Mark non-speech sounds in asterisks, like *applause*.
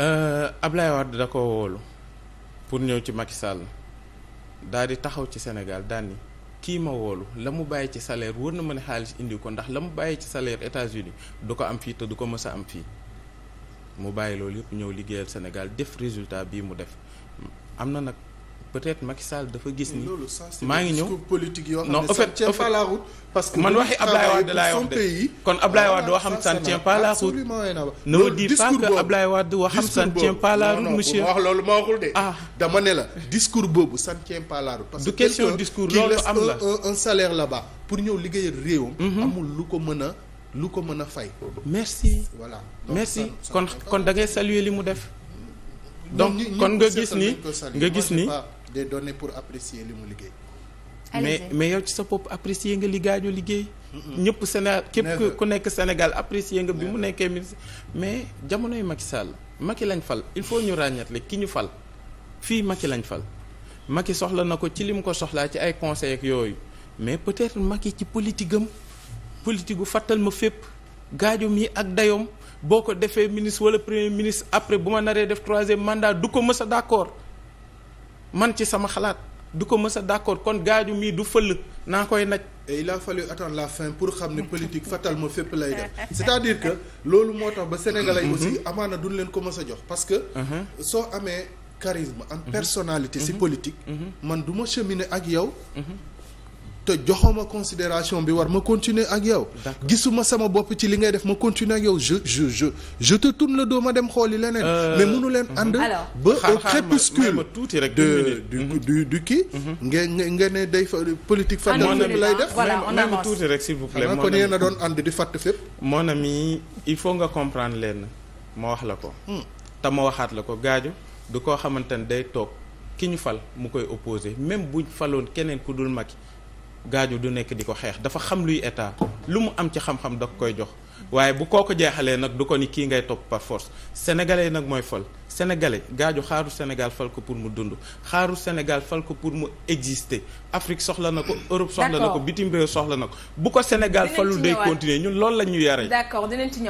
Euh, Ablaye Wade da ko woolu pour ñëw ci Macky Sall daal di taxaw ci Sénégal daan ni kii ma woolu la mu bàyyi ci salaire wër na ma ne xaalis indi ko ndax la mu bàyyi ci salaire États-Unis du ko am fii te du ko mës a am fii mu bàyyi loolu yëpp ñëw liggéeyal Sénégal def résultat bii mu def am na nag peut-être Macky Sall dafa gis ni. maa ngi ñëw politique yoo xam ne man waxi Ablaye Wade laay wax de kon Ablaye Wade waxam ça ne tient pas la route. ne waxam ça ne monsieur. ah dama ne la discours boobu ça ne tient pas la route. loolu am la pour ñëw liggéeyal réewam. amul lu ko mën a lu ko mën a fay. merci merci kon kon da ngay li mu def. donc kon nga gis ni nga gis ni. des données pour apprécier li mu liggéey. mais mais yow ci sa popp apprécier nga li gaaju liggéey. ñëpp Sénégal képp ku nekk Sénégal apprécier nga bi mu nekkee ministre. mais jamonoy Macky Sall Macky lañ fal il faut ñu ràññatle ki ñu fal fii Macky lañ fal Macky soxla na ko ci li mu ko soxlaa ci ay conseil ak yooyu mais peut-être yi ci politique am politique gu fàttal ma fépp gaajum yi ak dayoom boo ko defee ministre wala premier ministre après bu ma naree def troisième mandat du ko mës a d'accord. man ci sama xalaat du ko mës a d'accord kon gaaju mii du fël naa koy naj et il a fallu attendre la fin pour xam ne politique *laughs* ma fépp lay def *laughs* c'est-à-dire que loolu moo tax ba sénégalais mhm. aussi amaana duñ leen ko mës a jox parce que mhm. soo amee charisme am mhm. personnalité ci politique man du ma cheminer ak yow te joxoma considération bi war ma continuer ak yow gisuma sama bopp ci li ngay def ma continuer ak yow je je je je te tourne le dos ma dem xooli leneen euh, mais mënu leen mhm. ànd ba au crépuscule de du mhm. du du kii nga mhm. nga ne day politique ah, lay def même tuuti rek s'il vous plaît kon yéen a doon ànd di fàtt fépp mon ami il faut nga comprendre leen ma wax la ko hmm. te ma waxaat la ko gaajo du koo xamante ne day toog ki ñu fal mu koy opposé même buñ faloon keneen ku dul Macky gaajo du nekk di ko xeex dafa xam luy état lu mu am ci xam-xam da koy jox waaye bu koo ko jeexalee nag du ko ni kii ngay topp par force sénégalais nag mooy fal sénégalais gaajo xaaru Sénégal fal ko pour mu dund xaaru Sénégal fal ko pour mu exister Afrique soxla na ko Europe soxla na ko bitim réew soxla na ko bu ko Sénégal falul day continuer ñun loolu la ñu yare d'accord dinañ